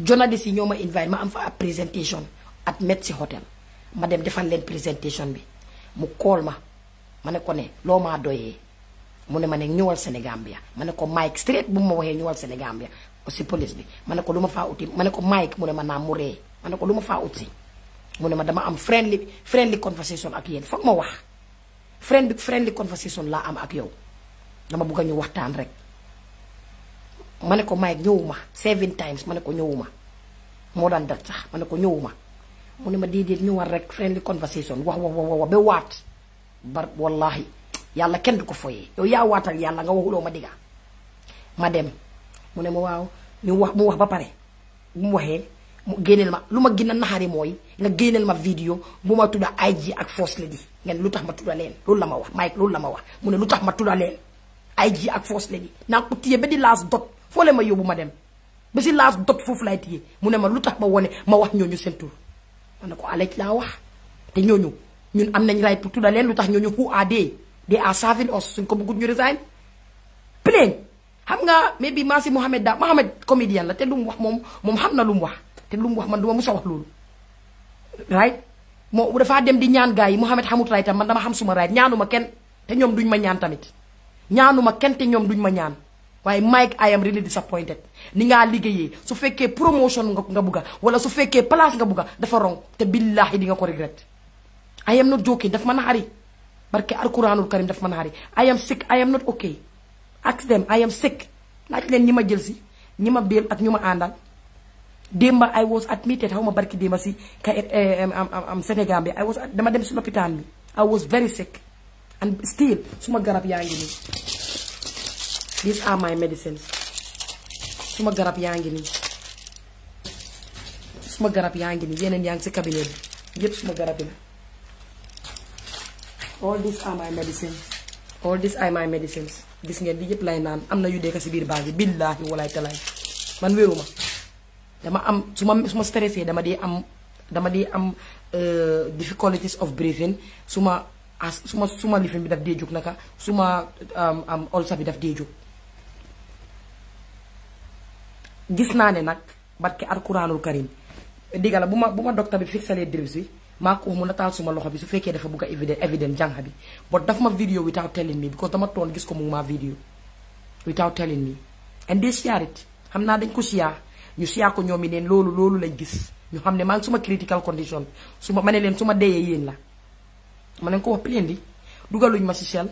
journaliste yi ñoo ma invite ma am fa ab présentation at Metsi Hotel ma dem defal leen présentation bi mu kool ma ma ne ko ne loo maa doyee mu ne ma ne ñëwal Sénégambia ma ne ko Mike straight bu ma waxee ñëwal Sénégambia si police bi ma ne ko lu ma faa uti ma ne ko Mike mu ne ma naa mu ree ma ne ko lu ma faa ut si mu ne ma dama am friendly friendly conversation ak yéen foog ma wax friendly friendly conversation laa am ak yow dama bëgg a ñu waxtaan rek. ma ne ko Mike ñëwuma seven times ma ne ko ñëwuma moo daan dat ma ne ko ñëwuma mu ne ma déedéet ñu war rek friendly conversation wax wax wax wax ba waat bar wallahi yàlla kenn du ko foyee yow yaa waatal yàlla nga waxuloo ma digga ma dem mu ne ma waaw ñu wax mu wax ba pare bu mu waxee génneel ma lu ma gën a naxari mooy nga génneel ma vidéo bu ma tudda IG ak First Lady ngeen lu tax ma tudda leen loolu la ma wax Mike loolu la ma wax mu ne lu tax ma tudda leen IG ak First Lady naa foo leen ma yóbbu ma dem ba si laas dot foofu laay téye mu ne ma lu tax ba wone ma wax ñooñu seen tur ma ne ko alaj laa wax te ñooñu ñun am nañ right pour tudda leen lu tax ñooñu who are they they are serving us suñ ko bëggut ñu resign plain xam nga mais bi Massi Mohamed da Mohamed comédien la te lu mu wax moom moom xam na lu mu wax te lu mu wax man du ma musa wax loolu right moo dafaa dem di ñaan gaa yi Mohamed xamut right tam man dama xam suma right ñaanuma kenn te ñoom duñ ma ñaan tamit ñaanuma kenn te ñoom duñ ma ñaan waaye Mike I am really disappointed ni ngaa liggéeyee su fekkee promotion nga nga bugga wala su fekkee place nga bugga dafa rong te billaahi di nga ko regret I am not joking daf ma naxari barke alquranul karim daf ma naxari I am sick I am not okay ask them I am sick laaj leen ñi ma jël si ñi ma béel ak ñu ma àndal démba I was admitted xaw ma barki ba si ka eh, eh, am Sénégal bi I was dama dem si lopitaan bi I was very sick and still suma garab yaa ngi nii these are my medicines suma garab yaa ngi nii suma garab yaa ngi nii yeneen yaa ngi si cabinet bi yépp suma garab yi la all these are my medicines all gis ngeen di yépp lay naan am na yu dee ko si biir baag yi billaahi walaay talaay man wéruma dama am su ma su ma stressé dama di am dama di am euh, difficulties of breathing suma ma as su ma su bi daf dee jóg naka su ma am ulcer bi daf dee jóg gis naa ne nag barke alquranul karim digala bu ma bu ma docteur bi fixalee dribs bi ma ko mu nataal suma loxo bi su fekkee dafa bugg a évident évident bi but daf ma video without telling me because dama toon gis ko mu ma video without telling me and they share it xam naa dañ ko siyaa ñu siyaa ko ñoom yi neen loolu loolu lañ gis ñu xam ne ma ngi suma critical condition su ma ma ne leen su ma deyee yéen la ma ne ko wax plain di dugaluñ ma si sel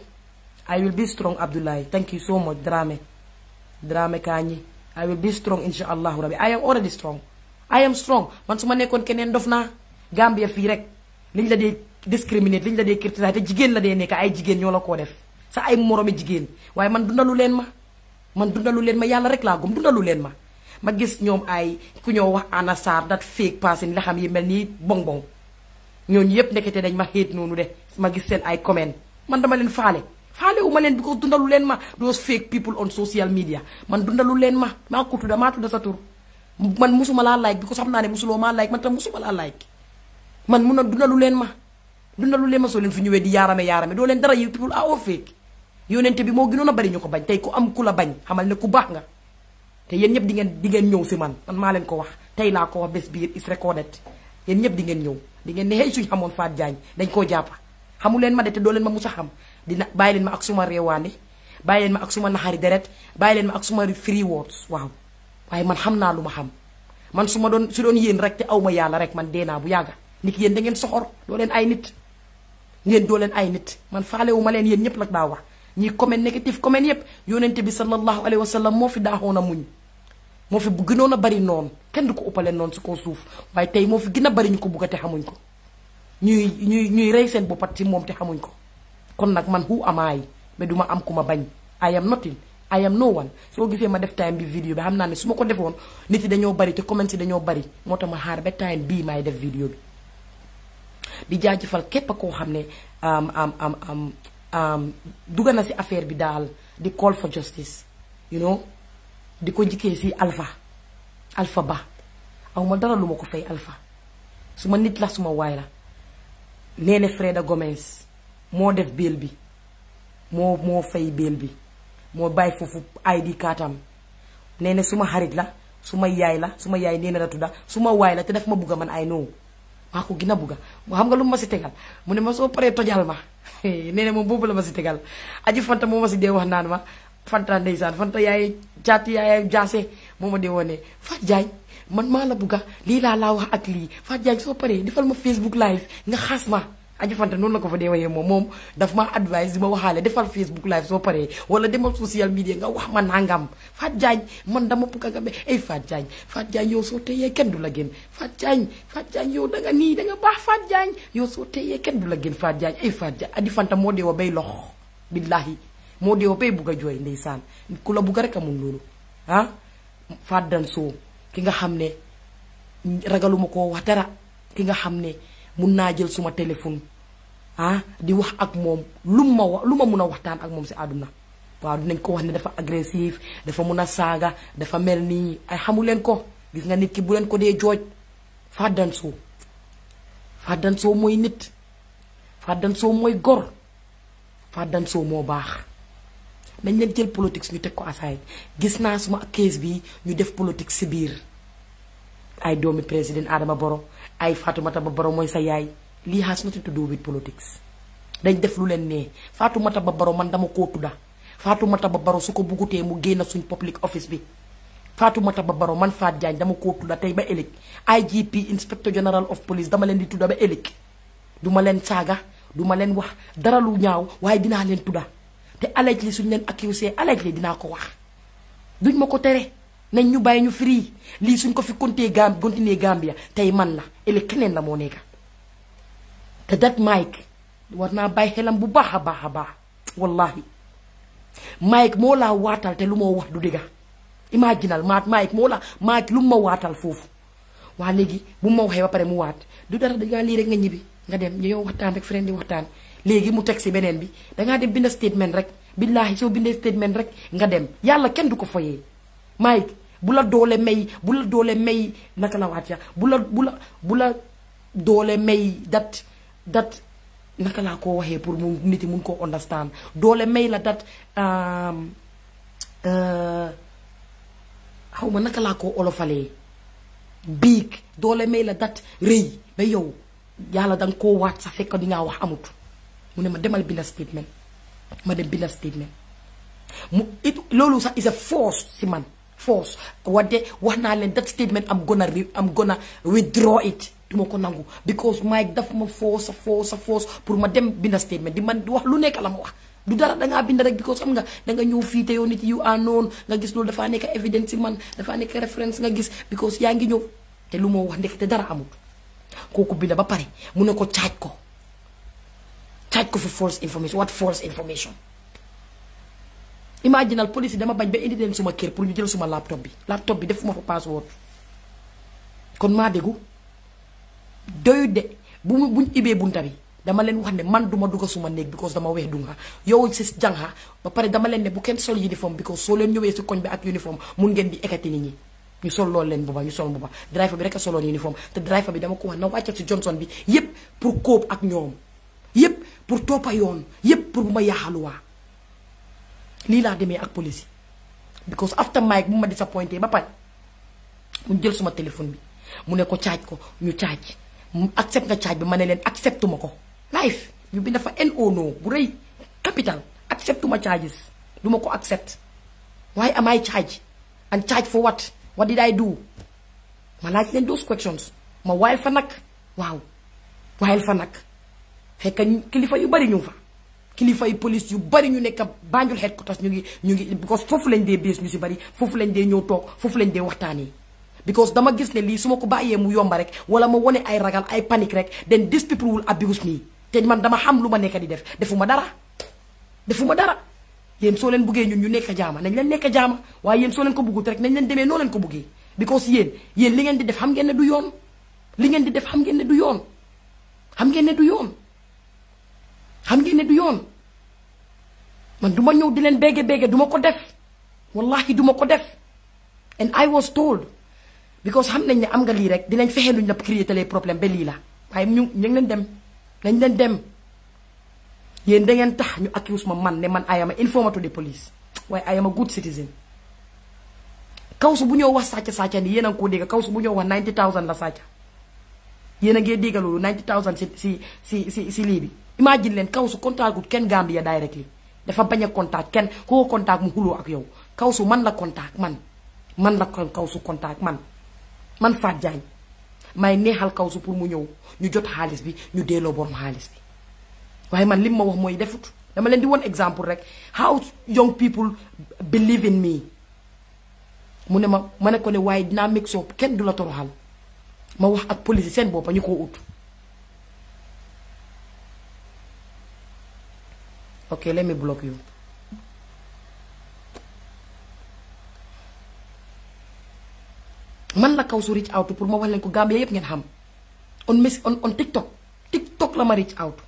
I will be strong Abdoulaye thank you so much Dramé Dramé Kañi I will be strong insha allahu rabbi I am already strong I am strong man su ma nekkoon keneen dof naa Gambia fii rek liñ la dee discriminate liñ la dee criticiser te jigéen la dee nekk ay jigéen ñoo la koo def sa ay moroomi jigéen waaye man dundalu leen ma man dundalu leen ma yàlla rek laa gëm dundalu leen ma ma gis ñoom ay ku ñoo wax Anna Sarr dat fake passing la xam yi mel nii bong bong ñooñu yépp nekkete dañ ma xéet noonu de ma gis seen ay comment man dama leen faale Fale faalewuma malen because dundalu len ma those fake people on social media man dundalu len ma ma ko tudda ma tudda sa man musuma laa like because xam naa ne musuloo like man tam musuma laa like man muna dundalu len ma dundalu len ma soo leen fi di yarame yarame. do len dara you people are all fake yonente bi mo gënoon a bari ñu ko bañ tey ku am kula bañ xamal ne ku nga te yéen ñëpp di ngeen di ngeen si man man malen leen ko wax tay laa ko wax bi is recorded yéen ñëpp di ngeen dingen di ngeen ne xëy suñ xamoon faat jaañ dañ ko jàppa ma de te ma musa xam dina bàyyi leen ma ak suma réewaande bàyyi leen ma ak suma naxari deret bàyyi leen ma ak suma free words waaw waaye man xam naa lu ma xam man su ma doon su doon yéen rek te aw ma yàlla rek man dee naa bu yàgga nit yéen da ngeen soxor doo leen ay nit ngeen doo leen ay nit man faalewu ma leen yéen ñëpp nag daa wax ñii comment négatif comment yëpp yoonante bi sallallahu alayhi wa sallam moo fi daaxoon a muñ moo fi gënoon a bari noonu kenn du ko uppale noonu si kaw suuf waaye tey moo fi gën a bari ñu ko bugg te xamuñ ko ñuy ñuy ñuy rey seen boppat moom te xamuñ ko kon nag man who am I mais du ma am ku ma bañ I am nothing I am no one soo gisee ma def time bi vidéo bi xam naa ne su ma ko defoon nit yi dañoo bari te comment yi dañoo bari moo tax ma xaar ba time bii maay def vidéo bi jaajëfal képp koo xam ne am um, um, um, na si affaire bi daal di call for justice you know di ko jikkee si alpha alpha ba aw ma dara lu ma ko fay alpha su ma nit la suma waay la nee na Freda Gomez moo def béel bi moo moo fay béel bi moo bàyyi foofu ID kaatam nee na suma xarit la suma yaay la suma yaay nee na la tudda suma waay la te daf ma bugga man ay noowu maa ko gën a bugga xam nga lu ma si tegal mu ma soo paree tojal ma na boobu la ma si tegal aji fanta moo ma si dee wax naan ma fanta ndeysaan fanta yaay caati yaay jaase moo ma dee woon ne Fatou Jagne man maa la bugga lii laa laa wax ak lii Fatou Jagne soo paree defal ma Facebook live nga xas ma aji fanta non la ko fa dee wayee mom daf ma advice di waxale defal facebook live so pare wala demal social media nga wax ma nangam Fat Diagne man dama pou kaga gabe ay eh, Fat Diagne Fat Diagne yo so teye ken dula gen Fat Diagne Fat Diagne yo da nga nii da nga Fat Diagne yo so teye ken dula gen Fat ay eh, Fat aji fanta mo dee wa bay lox billahi moo dee wa bay bugg a jooy rek amul ah Fat so ki nga xamne ne ragaluma koo wax dara ki nga xamne mun jël suma téléphone di wax ak moom lu ma lu ma mun a waxtaan ak moom si àdduna waaw dinañ ko wax ne dafa agressif dafa mun a saaga dafa mel nii ay xamu leen ko gis nga nit ki bu leen ko dee jooj fàddansoo fàddansoo mooy nit fàddansoo mooy gor fàddansoo moo baax nañ leen jël politique ñu teg ko aside gis naa suma kiis bi ñu def politique si biir ay doomi président Adama Barrow ay Fatoumata Ba Barrow mooy sa yaay lii has nothing to do with politics dañ def lu leen nee ba Baro man dama koo tudda ba Baro su ko buggutee mu génn suñ public office bi ba Baro man faat jaañ dama koo tudda tey ba ëllëg IGP inspector general of police dama leen di tudda ba ëllëg duma leen saaga duma leen wax dara lu ñaaw waaye dinaa leen tudda te alej li suñ leen accusé alej li dinaa ko wax duñ ma ko tere nañ ñu bàyyi ñu free lii suñ ko fi continuer Gambia tey man la ëllëg keneen la moo nekka te that Mike war naa bàyyi xelam bu baax a baax a baax wallahi Mike moo laa waatal te lu moo wax du dëgga imaginal maat Mike moo la Mike lu ma waatal foofu waa léegi bu ma waxee ba pare mu waat du dara dangaa lii rek nga ñibbi nga dem ñu yow waxtaan rek friend di waxtaan léegi mu teg si beneen bi dangaa dem bind statement rek billaahi soo bindee statement rek nga dem yàlla kenn du ko foyee Mike bu la doole may bu la doole may naka la waat ya bu la bu doole may dat date naka laa ko waxee pour mu nit yi mun koo understand doole may la date um, uh, xaw ma naka laa ko olofalee biig doole may la date rëy ba yow yàlla danga koo waat sax fekk di ngaa wax amut mu ne ma demal binda statement ma dem binda statement mu it loolu sax is a force si man force wadde wax naa leen that statement am gonna am gonna withdraw it duma ko nangu because Mike daf ma force force force pour ma dem binda statement di man di wax lu nek la ma wax du dara da nga bind rek because xam nga da nga ñew fii te yow nit yu àndoon nga gis dafa nek evidence man dafa reference reference nga gis because yang ngi te lu mo wax te dara amul koku bind ba pare mu ne ko tiaj ko tiaj ko for false information what false information imaginal police dama bañ ba indi dem suma kër pour ñu jël suma laptop bi laptop bi defuma fa password kon ma degu doyut de bu mu buñ ibee bunta bi dama leen wax ne man duma dugg suma néeg because dama weex dunga yow si jànga ba pare dama leen ne bu kenn sol uniforme because soo leen ñëwee si koñ bi ak uniforme mun ngeen di ekati nit ñi ñu sol loolu leen buba ñu sol buba rek a soloon uniforme te driver bi dama ko wax na wàccat si Johnson bi yépp pour kóob ak ñoom yëpp pour toppa yoon yëpp pour bu ma yaaxaluwaa lii laa demee ak police yi because after Mike bu ma disappointé ba pare mu jël suma téléphone bi mu ne ko caaj ko ñu caaj Accept nga caaj bi ma ne leen accepte ma ko life yu bi dafa no bu rëy capital accepte ma charges du ko accept why am I charged and charged for what what did I do ma laaj leen those questions ma waayal fa nag waaw waayal fa nag fekk kilifa yu bari ñu fa kilifa yu police yu bari ñu nekk Banjul headquarters ñu ngi ñu ngi because foofu lañ dee bees ñu si bari foofu lañ dee ñëw toog foofu lañ dee waxtaanee because dama gis ne lii su ma ko bàyyee mu yomba rek wala ma wone ay ragal ay panique rek then these people will abuse me te man dama xam lu ma nekk di def defuma dara defuma dara yéen soo leen buggee ñun ñu nekk jaama nañ leen nekk jaama waaye yéen soo leen ko buggut rek nañ leen demee noo leen ko buggee because yéen yéen li ngeen di def xam ngeen ne du yoon li ngeen di def xam ngeen ne du yoon xam ngeen ne du yoon xam ngeen ne du yoon man duma ñëw di leen bége bége duma ko def wallahi du ma ko def and I was told because xam nañ ne am nga lii rek dinañ fexee luñ la créer les problèmes ba lii la waaye ñu ñu ngi leen dem dañ leen dem yéen da ngeen tax ñu accuse ma man ne man I am an informateur de police waaye I am a good citizen. kaw su bu ñoo wax sàcc sàcca ni yéen a ngi koo dégg kaw su bu ñoo wax 90000 la sàcc yéen a ngee dégg loolu 90000 si si si si si lii bi. imagine leen kaw su contact gu kenn Gambia directly dafa bañ a contact kenn koo contact mu xuloo ak yow kaw su man la contact man man la kaw su contact man. man Fatou Diagne may neexal kaw su pour mu ñëw ñu jot xaalis bi ñu delloo borom xaalis bi waaye man lim wax defut dama leen di woon exemple rek how young people believe in me mu ne ma ma ne ko ne waaye dinaa make hal, kenn du toroxal ma wax ak police seen boppa ñu ok let me block you man la kaw su reach out pour ma wax leen ko Gambia yëpp ngeen xam on mes on on TikTok TikTok la ma reach out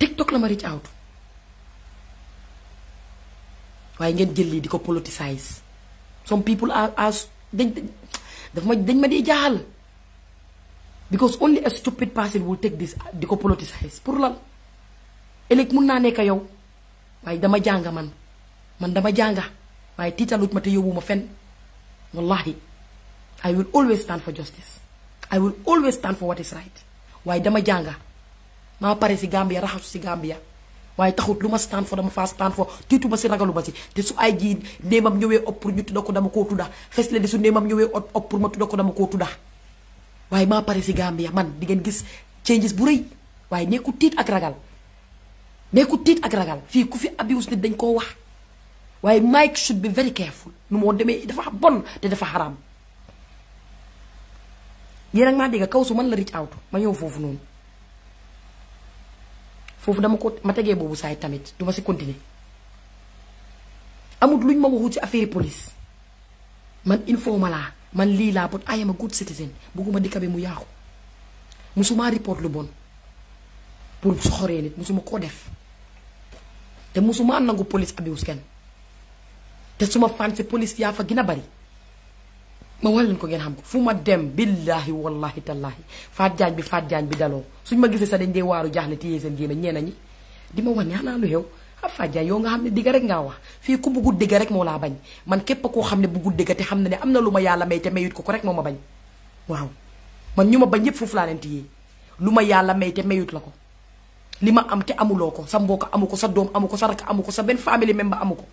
TikTok la ma reach out waaye ngeen jël lii di ko politicize some people are are dañ daf dañ ma dee jaaxal because only a stupid person will take this di ko politicize pour lan ëllëg mun naa nekk yow waaye dama jànga man man dama jànga waaye tiitalut ma te yóbbu ma fen wallahi I will always stand for justice I will always stand for what is right waaye dama jànga maa pare si Gambia raxasu si Gambia waaye taxut lu ma stand for dama faa stand for tiituma si ragaluma si te su ay jii néemam ñëwee op pour ñu tudda ko dama koo tudda fes le di su néemam ñëwee op pour ma tudda waaye maa pare si Gambia man di ngeen gis changes bu rëy waaye nekku tiit ak ragal nekku tiit ak ragal fii ku fi abuse nit dañ koo wax waaye Mike should be very careful nu moo demee dafa bon te dafa xaraam yéen ak maa dégg kaw su man la reach out ma ñëw foofu noonu foofu dama ko ma tegee boobu saay tamit duma si continuer amut luñ ma waxut ci affaire police man informa laa man lii laa but I am a good citizen bugguma dikka bi mu yaaxu musuma report lu bon pour soxoree nit musuma koo def te musuma nangu police abuse kenn te suma fanse police yaa fa gën a bari ma wax leen ko ngeen xam ko fu ma dem billaahi wallahi tallaahi faat jaañ bi faat jaañ bi daloo suñ ma gisee sax dañ dee waaru jaaxle téye seen gémmiñ ñeena ñi di ma wax ne xanaa lu xew ah faat jaañ yow nga xam ne dëgg rek ngaa wax fii ku bëggul dëgg rek moo laa bañ man képp koo xam ne bëggul dëgg te xam na ne am na lu ma yàlla may te mayut ko ko rek moo bañ waaw man ñu ma bañ yépp foofu laa leen téye lu ma yàlla may te mayut la ko li ma am te amuloo ko sa mbokk amu ko sa doom amu ko sa rakk amu ko sa benn famille member amu ko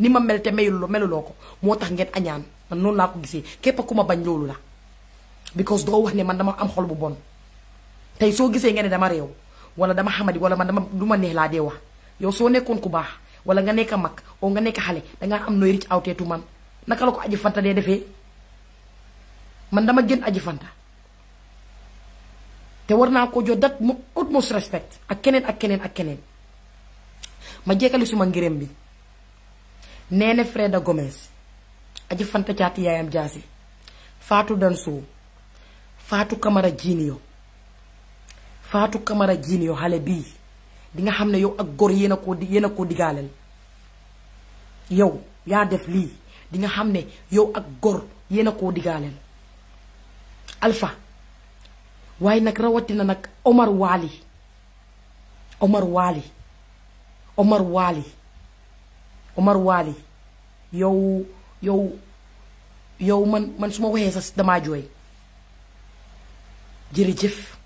ni ma mel te meyul meluloo ko moo tax ngeen añaan man noonu laa ko gisee képp ku ma bañ loolu la because doo wax ne man dama am xol bu bon tey soo gisee nga ne dama réew wala dama xamadi wala man dama du ma neex laa dee wax yow soo nekkoon ku baax wala nga nekk mag oo nga nekk xale dangaa am nooy ricc awteetu man naka la ko aji fanta dee defee man dama gën aji fanta te war naa ko jot dat mu utmost respect ak keneen ak keneen ak keneen ma jekkali suma ngërëm bi Néné Freda Gomes Aji Fanta Caati yaayam Jaasi faatu Danso Fatou Camara Junior Fatou Camara Junior xale bii di nga xam ne yow ak góor yéen a koo yéen a digaaleel yow yaa def lii di xam ne yow ak góor yéen a koo digaaleel Alpha waaye nag rawatina nag Omar Waali Omar Waali Omar Waali Omar Wali yow yow yow man man suma sa dama joy jeri jef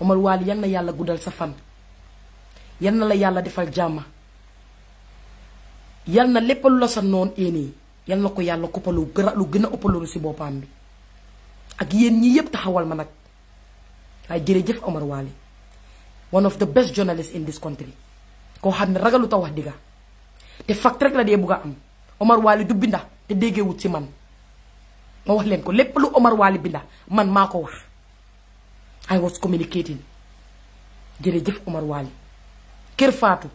Omar Wali yan na yàlla gudal sa fan yan na la yalla defal jama yal na lépp lu la sa non eni yal na ko yalla ko lu gën a lu gëna a ëppaloolu si bi ak yeen ñi yeb taxawal ma ay jeri jef Omar Wali one of the best journalists in this country ko xam ragalu taw wax diga te fact rek la dee bugg am Omar Waly du binda te déggewul si man ma wax leen ko lépp lu Omar Waly binda man maa ko wax I was communicating jërëjëf Omar Waly kër faatu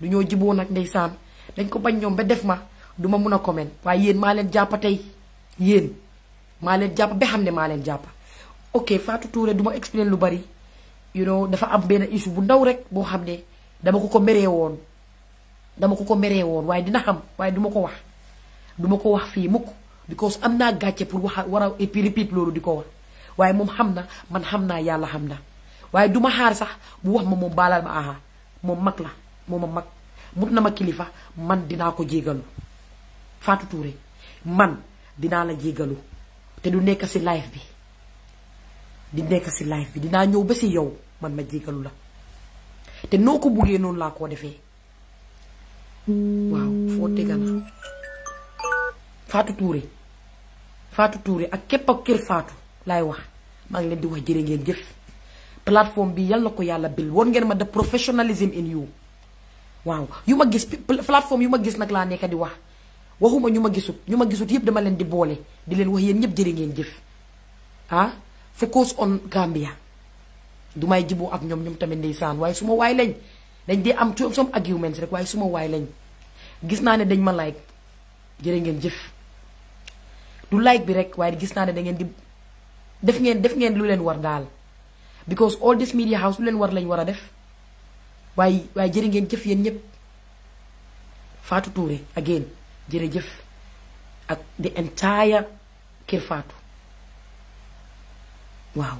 du ñoo jiboo nag ndeysaan dañ ko bañ ñoom ba def ma duma mun a comment waaye yéen maa leen jàppa tey yéen maa leen jàpp ba xam ne maa leen jàppa ok Fatou Touré duma ma lu bari you dafa am benn issue bu ndaw rek boo xam ne dama ko ko meree woon dama ko ko meree woon waaye dina xam waaye duma ko wax duma ko wax fii mukk because am naa gàcce pour wax war a repeat loolu di ko wax waaye moom xam na man xam naa yàlla xam na waaye duma xaar sax bu wax ma moom baalal ma aha moom mag la moom a mag mut na ma kilifa man dinaa ko jégalu Fatou Touré man dinaa la jégalu te du nekk si live bi di nekk si live bi dinaa ñëw ba si yow man ma jégalu la te noo ko buggee noonu laa koo defee waaw foo tegana faatu tuure faatu tuure ak képp ak kër faatu laay wax maa ngi leen di wax jërë ngeen jëf plateforme bi yal na ko yàlla bil woon ngeen ma the professionalism in you waaw yu ma gis plateforme yu ma gis nag laa nekka di wax waxuma ñu ma gisut ñu ma gisut yëpp dama leen di boole di leen wax yéen ñëpp jërë ngeen jëf ah focus on Gambia du may jiboo ak ñoom ñoom tamit ndeysaan waaye su ma waay lañ dañ dee am some arguments rek waaye suma waay lañ gis naa ne dañ ma like jërë ngeen jëf du like bi rek waaye gis naa ne da ngeen di def ngeen def ngeen lu leen war daal because all this media house lu leen war lañ war a def waaye waaye jërë ngeen jëf yéen ñëpp Fatou Touré again jërëjëf ak the entire Kër Fatou waaw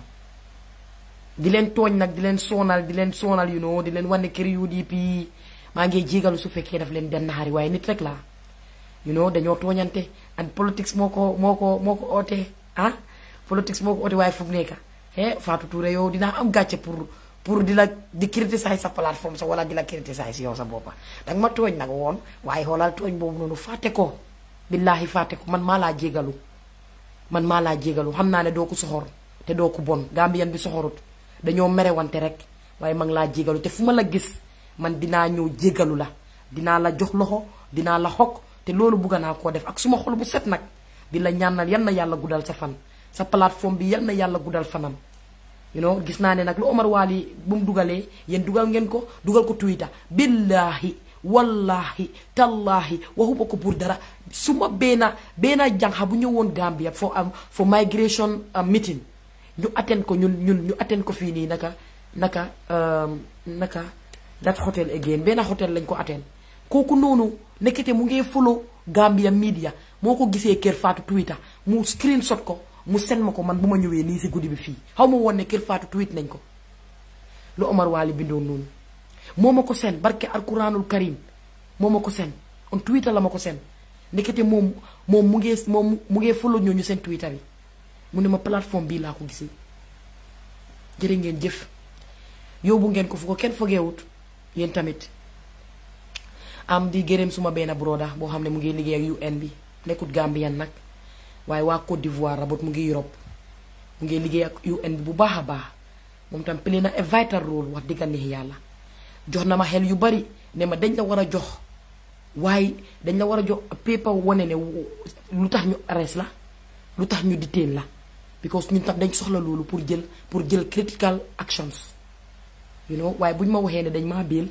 di leen tooñ nag di leen soonal di leen sonal you know di leen wane kër UDP maa ngi jégalu su fekkee daf leen den naxari waaye nit rek laa you dañoo tooñante ak politics moo ko moo ko moo ko ootee ah politics moo ko ootee waaye fu mu nekk eh Fatou yow dinaa am gàcce pour pour di la di criticiser sa plateforme sa wala di la criticiser si yow sa boppa danga ma tooñ nag woon waaye xoolal tooñ boobu noonu fàtte ko billaahi fàtte ko man maa laa jégalu man maa laa jégalu xam naa ne doo ko soxor te doo ko bon Gambien bi soxorut. dañoo wanté rek waye mang la laa jégalu te la gis man dina ñëw jégalu la dina la jox loxo dina la xok té lolu bugga naa ko def ak suma xol bu set nak di la ñaanal yalla yalla sa fan sa plateforme bi yalla yalla fanam you know gis na né nak lu Omar Yen bu mu dugalé yeen dugal ngeen ko dugal ko Twitter Billahi, wallahi tallahi wa huwa kubur dara suma bena benn jànxa bu ñewoon Gambia for um, for migration um, meeting ñu atteindre ko ñun ñun ñu atteindre ko fii nii naka naka euh, naka that hotel again benn hotel lañ ko atteindre kooku noonu nekkete mu ngi follow Gambia media moo ko gisee Kër Fatou Twitter mu screenshot ko mu seen ma ko man bu ma ñëwee nii si guddi bi fii xaw ma woon ne Kër Fatou tweet nañ ko lu Omar Waly bindoon noonu moo ma ko seen barke alquranul karim moom ma ko seen on Twitter la ma ko seen nekkete moom moom mu ngee moom mu ngee ñoo ñu seen Twitter bi mu ne ma plateforme bii laa ko gisee jërë ngeen jëf yóbbu ngeen ko fu ko kenn fogeewut yéen tamit am di gërëm suma benn broda boo xam ne mu ngi liggéey ak UN bi nekkut Gambien nag waaye waa Côte d'Ivoire rabot mu ngi Europe mu ngi liggéey ak UN bi bu baax a baax moom tam play na a vital rôle wax digga neex yàlla jox na ma xel yu bari ne ma dañ la war a jox waaye dañ la war a jox paper wone ne lu tax ñu arrest la lu tax ñu diteen la because ñu tam dañ soxla loolu pour jël pour jël critical actions you waaye bu ñu ma waxee ne dañ maa biil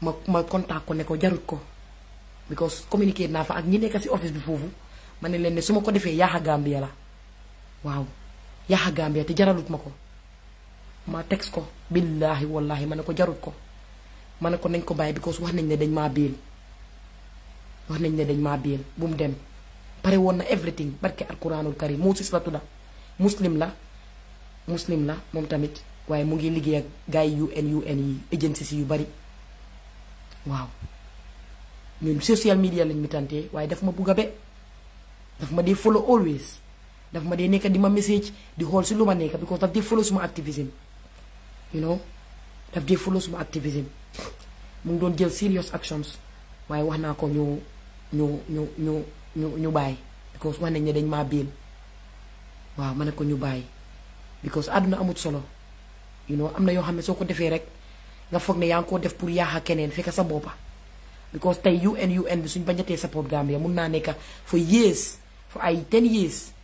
ma ma contact ko ne ko jarut ko because communiqué naa fa ak ñi nekk si office bi foofu ma ne leen ne su ma ko defee yaaxa Gambia la waaw yaaxa Gambia te jaralut ma ko ma text ko billaahi wallaahi ma ne ko jarut ko ma ne ko nañ ko bàyyi because wax nañ ne dañ maa biil wax nañ ne dañ maa biil bu mu dem pare woon na everything barke alquranul moo Mousis la tudda muslim la muslim la moom tamit waaye mu ngi liggéey ak gars yi UN UN yi agencies yu bari waaw ñun social media lañ mitantee waaye daf ma bugg be daf ma dee follow always daf ma dee nekk di ma message di xool si lu ma nekka because daf dee follow suma activism you know daf dee follow suma activism mu ngi doon jël serious actions waaye wax naa ko ñu ñu ñu ñu ñu ñu bàyyi because man nañ ne dañ maa biin waaw ma ne ko ñu bàyyi because àdduna amut solo you know am na yoo xam ne soo ko defee rek nga foog ne yaa ngi koo def pour yaaxa keneen fekk sa boppa because tey UN UN bi suñ bañatee support Gambia mun naa nekka foo years for ay ten years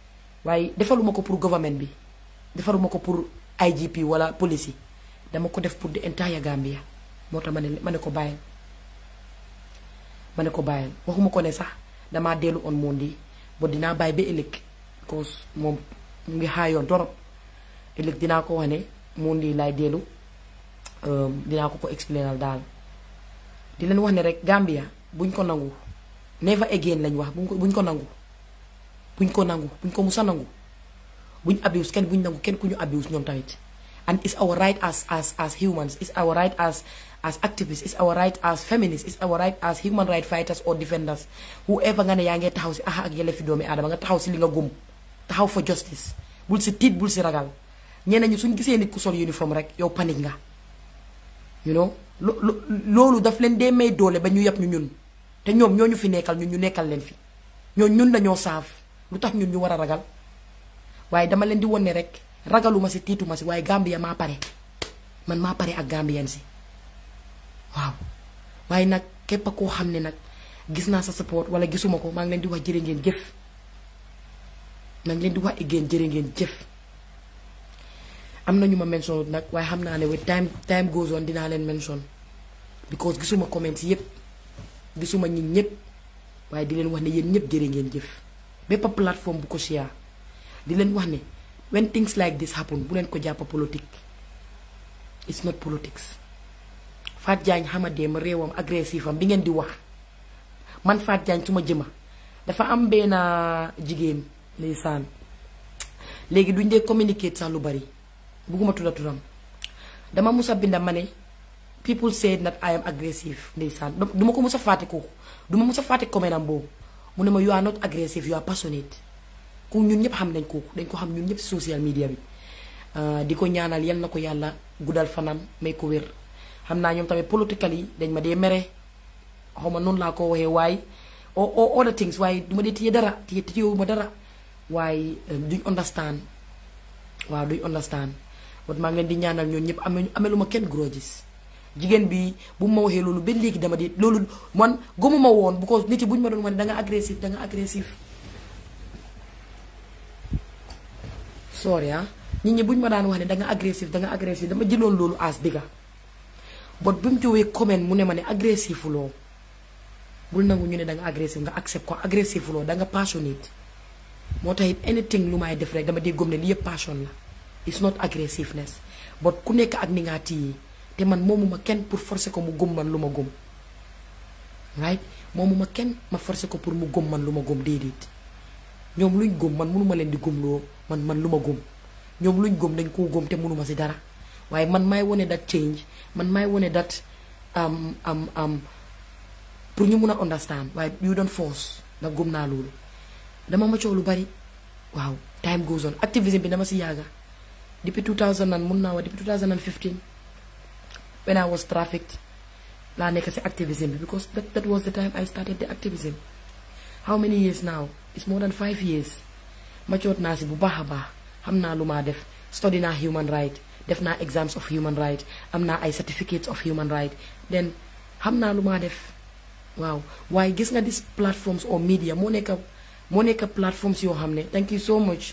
waaye defaluma ko pour government bi defaruma ko pour IGP wala police yi dama ko def pour the entire Gambia moo tax ma ne ma ne ko bàyyi ma ne ko bàyyi waxuma ko ne sax damaa dellu on mondi ba dinaa bàyyi ba ëllëg cause moom mu ngi xaayoon torop ëllëg dinaa ko wane mondi laay dellu um, dinaa ko ko explainal daal di leen wax ne rek Gambia buñ ko nangu never again lañ wax buñ ko nangu buñ ko nangu buñ ko musa nangu buñ abuse kenn buñ nangu kenn ku ñu abuse ñoom tamit and it's our right as as as humans it's our right as as activists it's our right as feminists it's our right as human rights fighters or defenders whoever nga ne yaa ngee taxaw si axa ak yelleefi doomi aadama nga taxaw si li nga gum taxaw for justice bul si tiit bul si ragal ñeneen ñi suñ gisee nit ku sol uniforme rek yow panique nga you know loolu daf leen dee may doole ba ñu yap ñu ñun te ñoom ñoo ñu fi nekkal ñun ñu nekkal leen fi ñoo ñun la saaf lu ñun ñu war ragal waaye dama leen di wone rek ragaluma si titu si waaye Gambia ma pare man ma pare ak Gambian si waaw waaye nak képp ko xam nak gis na sa support wala gisuma ko maa ngi leen di wax jërë ngeen jëf maa ngi leen di wax igen jërë ngeen jëf mention nak waaye xam ane ne time time goes on dina len mention because gisuma comment yep gisuma ñi ñëpp waaye di leen wax ne yéen ñëpp jërë ngeen jëf bépp plateforme bu ko ne when things like this happen bu leen ko jàpp politique it's not politics xam a xamadeem réewam agressif am bi ngeen di wax man faat Diagne su ma jëma dafa am benn euh, jigéen ndeysaan léegi duñ dee communiquer sax lu bari bugguma tudda dama dama a binda ma ne people say that I am aggressive du ma ko musa fàtte kooku duma a fàtte comment am boobu mu ne ma you are not aggressive you are passionate ku ñun ñëpp xam nañ ko dañ ko xam ñun ñëpp social media bi euh, di ko ñaanal yal na ko yàlla guddal fanam may ko wér xam naa ñoom tamit political yi dañ ma dee mere xaw ma noonu laa ko waxee waaye all the things waaye du ma dee téye dara téye téyewu ma dara waaye euh, duñ understand waaw duñ understand wat maa ngi leen di ñaanal ñoom ñëpp am nañu amelu ma kenn grudges jigéen bi bu ma waxee loolu ba léegi dama di loolu man gëmuma woon bu ko nit yi buñ ma doon wax ne da nga nga agressif sorry ya, nit ñi buñ ma daan wax ni da nga agressif da nga agressif dama as diga bot bi ci wé comment mu ne ma né agressif lo bul nangu ñu né da nga agressif nga accept ko agressif lo da nga passionate motay anything lu may def rek dama dégg gomné li yépp passion la it's not aggressiveness but ku nekk ak ni nga ti té man momuma kenn pour forcer ko mu gum man luma gum right momuma kenn ma forcer ko pour mu gum man luma gum gëm ñoom luñ gum. man mënuma leen di gëmloo man man lu gum. gëm ñoom luñ gëm dañ koo gëm te mënuma dara man may wane dat change man may wane dat Um, um, um. pour ñu mun understand Why you don't force the gum na loolu dama ma coow lu bari waaw time goes on activism bi dama si yaga. depuis 2000 an mun naa depuis 2015 when I was trafficked la nekk si activism because that that was the time I started the activism how many years now it's more than five years macoot naa si bu baax a baax xam naa lu maa def study naa human right def naa exams of human right am naa ay certificates of human right then xam naa lu maa def waaw waaye gis nga dis platforms or media moo nekk platforms yoo hamne. thank you so much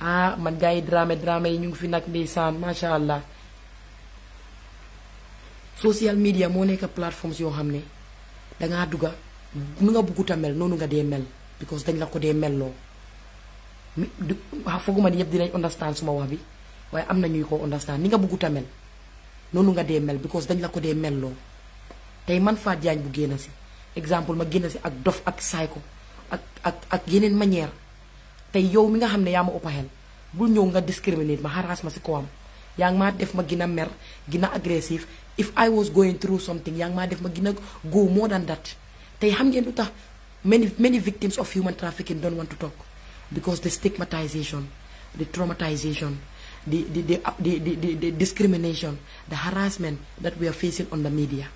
ah man gars drama drame drame yi ñu ngi allah social media moo platforms plateformes hamne. xam ne dangaa dugga nu nga buggut a mel mel because dañ la ko dee melloo du ah, fooguma ni ñëpp dinañ understand suma wax bi waaye am na ñuy ko understand ni nga bëggut a mel noonu nga dee mel because dañ la ko dee meloo tey man faa Jagne bu génn si exemple ma génn si ak dof ak psycho ak ak ak yeneen manière tey yow mi nga xam ne yaa ma ëpp xel bul ñëw nga discriminate ma harass ma si kawam yaa ngi ma def ma gën a mer ginna a agressif if I was going through something yaa ngi maa def ma gën a go more than that tey xam ngeen tax many many victims of human trafficking don't want to talk because the stigmatization the traumatization the the, the, the, the, the discrimination the harassment that we are facing on the media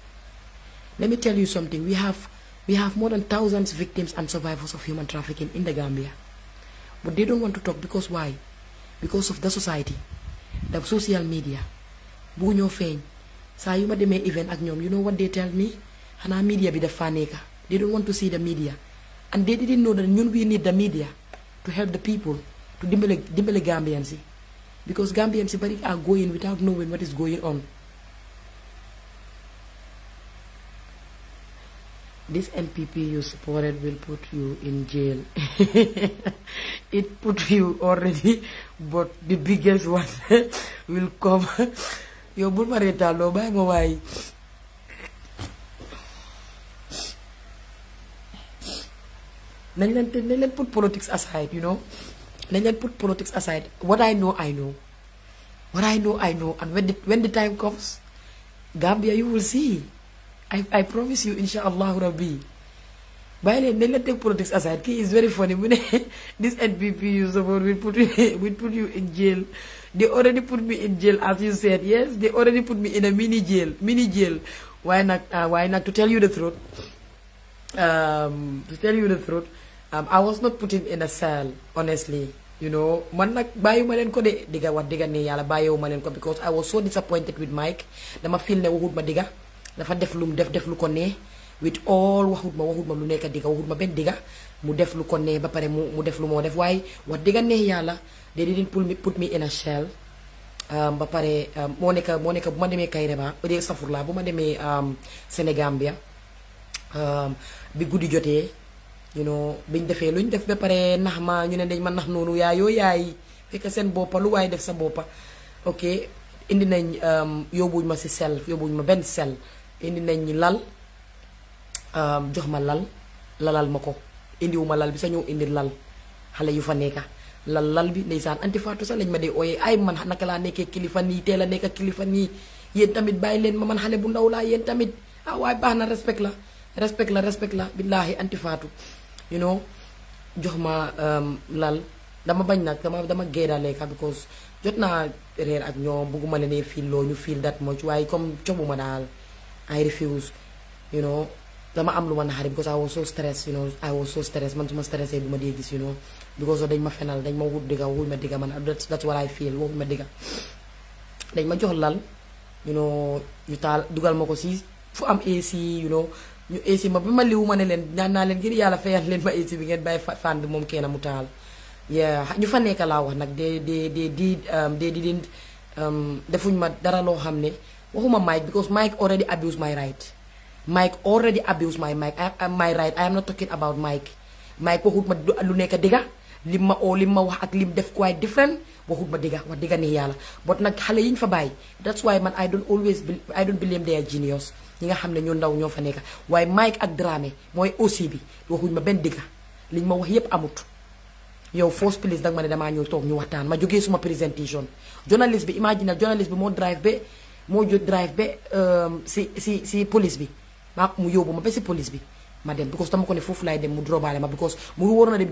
let me tell you something we have we have more than thousands victims and survivors of human trafficking in the Gambia but they don't want to talk because why because of the society the social media bu ñoo feeñ saa yu ma demee event ak you know what they tell me xanaa media bi the nekka they don't want to see the media. And they didn't know that we need the media to help the people, to dimble dimbele Gambians. Because Gambians are going without knowing what is going on. This NPP you supported will put you in jail. it put you already, but the biggest one will come. Your Yo, bulmareta lo, bye, Let put politics aside you know Let put politics aside what I know I know what I know I know and when the when the time comes Gambia you will see I I promise you inshallah, allahu rabbi bàyyi leen nañ let take politics aside Okay, it's very funny when this NPP you support will put you will put you in jail they already put me in jail as you said yes they already put me in a mini jail mini jail Why not? Uh, why not to tell you the truth um, to tell you the truth um, I was not put in a cell honestly you know man nag bàyyiwuma leen ko de digga wax digga nii yàlla bàyyiwuma leen ko because I was so disappointed with Mike dama feel ne waxut ma digga dafa def lu mu def def lu ko nee with all waxut ma waxut ma lu nekk digga waxut ma benn digga mu def lu ko nee ba pare mu mu def lu moo def waaye wax digga nee yàlla they didn't put me put me in a shell um, ba pare um, moo nekk moo nekk bu ma demee Kayraba safur laa bu ma demee Sénégambia bi guddi jotee you know biñ defee ñu def ba pare nax ma ñu ne dañ ma nax noonu yaay yoo yaay fekk seen boppa lu waaye def sa boppa ok indi nañ um, yóbbuñ ma si sel ma benn sel indi nañ lal um, jox ma lal lalal ma ko indiwu ma lal bi sa ñëw indi lal xale yu fa nekka lal lal bi ndeysaan anti faatu sax lañ ma dee ooyee ay man naka laa nekkee kilifa nii teel a nekk kilifa nii yéen tamit bàyyi leen ma man xale bu ndaw laa yéen tamit ah waaye baax na respect la respect la respect la billaahi antifaatu you know jox ma um, lal dama bañ nag dama dama géeralee ka because jot naa reer ak ñoom bëgguma leen fiil loo ñu fiil dat much waaye comme cobuma daal I refuse you know dama am lu ma naxari because I was so stressed you know I was so stressed man su ma stressé bu ma dee gis you know because dañ ma fenal dañ ma wut digga wuñ ma digga man that's what I feel wuñ ma digga dañ ma jox lal you know ñu taal dugal ma ko si fu am AC you know ñu eesi ma bi ma liwu ma ne leen ñaan naa leen ngir yàlla fayal leen ma eesi bi ngeen bàyyi fànn moom kenn mu taal ñu fa nekk laa wax nag de de de di um, de di leen um, defuñ ma dara loo xam ne waxuma Mike because Mike already abuse my right Mike already abuse my Mike my right I am not talking about Mike Mike waxut ma lu nekk dëgga lim ma oo lim ma wax ak lim def quite different waxut ma dëgga wax dëgga nii yàlla but nag xale yi ñu fa bàyyi that's why man I don't always I don't believe they are ñi nga xam ne ñu ndaw ñoo fa nekk waaye Mike ak Dramé mooy aussi bi waxuñ ma benn digga liñ ma wax yépp amut yow force police dag ma ne damaa ñëw toog ñu waxtaan ma jógee suma présentation journaliste bi imagine journaliste bi moo drive ba moo jo drive ba euh, si si si police bi maa mu yóbbu ma ba si police bi ma dem because dama ko ne foofu laay dem mu drobaale ma because mu ngi waroon a dem